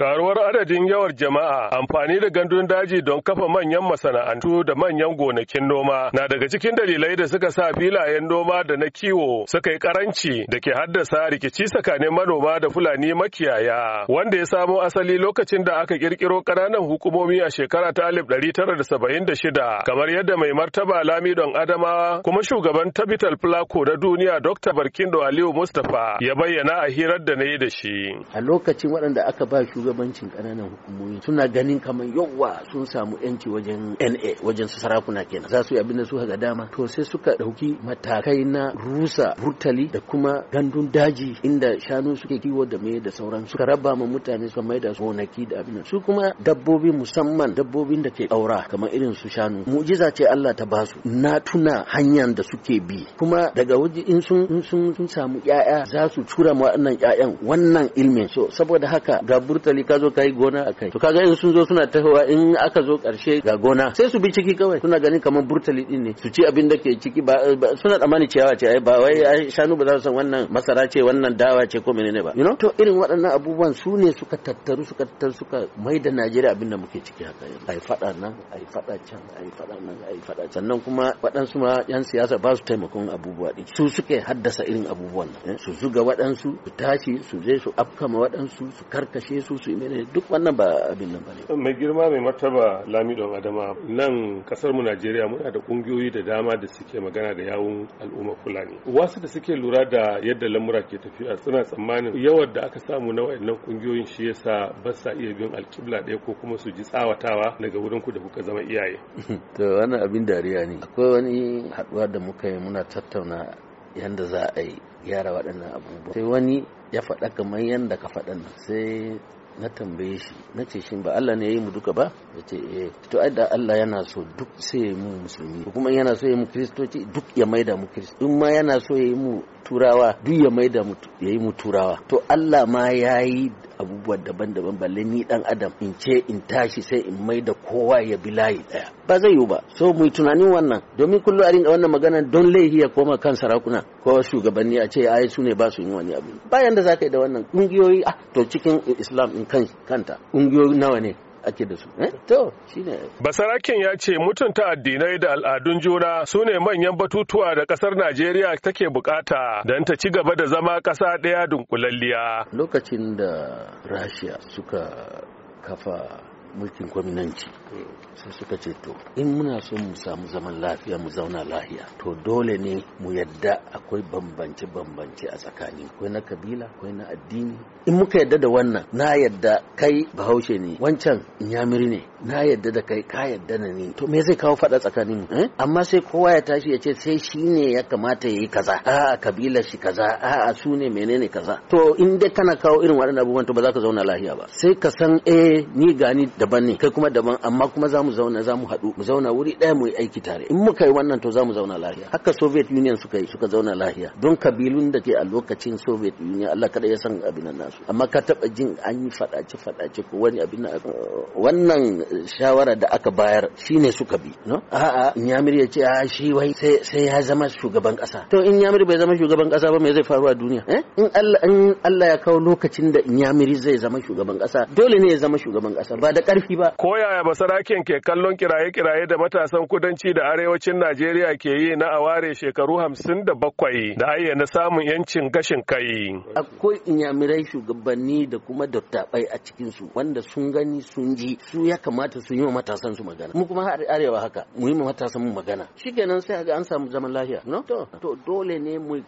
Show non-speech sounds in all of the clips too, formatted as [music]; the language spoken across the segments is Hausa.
Karuwar adadin yawar jama'a amfani da gandun daji don kafa manyan masana'antu da manyan gonakin noma na daga cikin dalilai da suka sa filayen noma da na kiwo suka yi karanci da ke haddasa rikici tsakanin manoma da Fulani makiyaya wanda ya samo asali lokacin da aka kirkiro ƙananan hukumomi a shekara ta alif ɗari tara da da saba'in shida, kamar yadda mai martaba Lami don Adamawa kuma shugaban Tabital Plako na duniya Dr. Barkindo Aliyu Mustapha ya bayyana a hirar da na yi da shi. A lokacin waɗanda aka ba shugaban shugabancin kananan hukumomi suna ganin kamar yauwa sun samu yanci wajen NA wajen su sarakuna kenan za su yi abin da su ga dama to sai suka ɗauki matakai na rusa burtali da kuma gandun daji inda shanu suke kiwo da me da sauran suka raba ma mutane su mai da gonaki da abin su kuma dabbobi musamman dabbobin da ke aura kamar irin su shanu mu'jiza ce Allah ta basu na tuna hanyar da suke bi kuma daga waje in sun sun samu ya'ya. za su tura ma waɗannan ƴaƴan wannan ilmin so saboda haka ga burtali hankali ka zo ka yi gona a kai to kaga in sun zo suna tahowa in aka zo karshe ga gona sai su bi ciki kawai suna ganin kamar burtali din ne su ci abin da ke ciki ba suna tsammani ciyawa ce ai ba wai shanu ba za su san wannan masara ce wannan dawa ce ko menene ba you know to irin waɗannan abubuwan su ne suka tattaru suka tattaru suka mai da Najeriya abin da muke ciki haka yanzu ai fada nan ai fada can ai fada nan ai fada sannan kuma waɗansu ma yan siyasa ba su taimakon abubuwa din su suke haddasa irin abubuwan nan eh? su zuga waɗansu su tashi su je su afkama waɗansu su karkashe su su mene duk wannan ba abin nan bane mai girma mai martaba lamidon adama nan kasar mu Najeriya muna da kungiyoyi da dama da suke magana da yawun al'umma Fulani wasu da suke lura da yadda lamura ke tafiya suna tsammanin yawan da aka samu na wayannan kungiyoyin shi yasa ba sa iya bin alkibla ɗaya ko kuma su ji tsawatawa daga wurin ku da kuka zama iyaye [laughs] to wannan abin dariya ne akwai wani haduwa da muka yi muna tattauna yadda za a yi gyara waɗannan abubuwa sai wani ya faɗa kamar yadda ka faɗa sai na tambaye shi na ce shin ba Allah ne ya yi mu duka ba ya ce eh to ai da Allah yana so duk sai ya mu musulmi kuma yana so ya mu kristoci duk ya maida mu kristo in ma yana so ya yi mu turawa duk ya maida mu ya yi mu turawa to Allah ma ya yi abubuwa daban-daban balle ni dan adam in ce in tashi sai in mai da kowa ya bi layi daya ba zai yiwu ba so mu tunanin wannan domin kullum a ringa wannan magana don laihi ya koma kan sarakuna ko shugabanni a ce ai su ne ba su yin wani abu bayan da zaka yi da wannan kungiyoyi ah to cikin islam in kanta kungiyoyi nawa ne ake da su eh, to shine basaraken ya ce mutunta addinai da al'adun juna su ne manyan batutuwa da ƙasar najeriya take bukata don ta ci gaba da zama ƙasa ɗaya dunkulalliya lokacin da rashiya suka kafa mulkin kwaminanci mm. sai suka ce to in muna so mu samu zaman lafiya mu zauna lahiya to dole ne mu yadda akwai bambance bambance a tsakani kai na kabila kai na addini in muka yadda da wannan na yadda kai bahaushe ne wancan inyamiri ne na yadda da kai ka yadda na ne to me zai kawo faɗa tsakanin mu eh? amma sai kowa ya tashi ya ce sai shi ne ya kamata ya yi kaza a'a kabilar shi kaza a'a su ne menene kaza to in dai kana kawo irin waɗannan abubuwan to ba za ka zauna lahiya ba sai ka san eh ni gani daban ne kai kuma daban amma kuma za mu zauna za mu haɗu mu zauna wuri ɗaya mu yi aiki tare in muka yi wannan to za mu zauna lahiya. haka soviet union suka yi suka zauna lahiya. don kabilun da ke a lokacin soviet union allah kada ya san abin nan nasu amma ka taba jin an yi faɗace faɗace ko wani abin nan wannan shawara da aka bayar shine suka bi no a'a inyamir ya ce a shi wai sai ya zama shugaban kasa to in inyamir bai zama shugaban kasa ba me zai faru a duniya eh in allah in allah ya kawo lokacin da inyamiri zai zama shugaban kasa dole ne ya zama shugaban kasa ba da karfi ba ko yaya sarakin ke kallon kiraye-kiraye da matasan kudanci da arewacin Najeriya ke yi na aware shekaru hamsin da bakwai da ayyana samun yancin gashin kai akwai inyamirai shugabanni da kuma dattabai a cikinsu wanda sun gani sun ji su ya kamata su yi wa matasan su magana mu kuma har arewa haka mu yi matasan mu magana shikenan sai ga an samu zaman lafiya to dole ne mu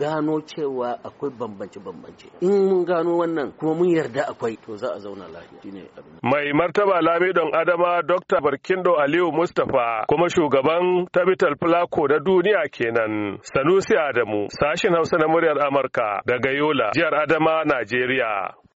gano cewa akwai bambance bambance in mun gano wannan kuma mun yarda akwai to za a zauna lafiya martaba Lamidon Adama Dr. Barkindo Aliyu Mustapha kuma shugaban Tabital Plako na duniya kenan. Sanusi Adamu, sashin Hausa na muryar Amurka daga Yola, jihar Adama, Najeriya.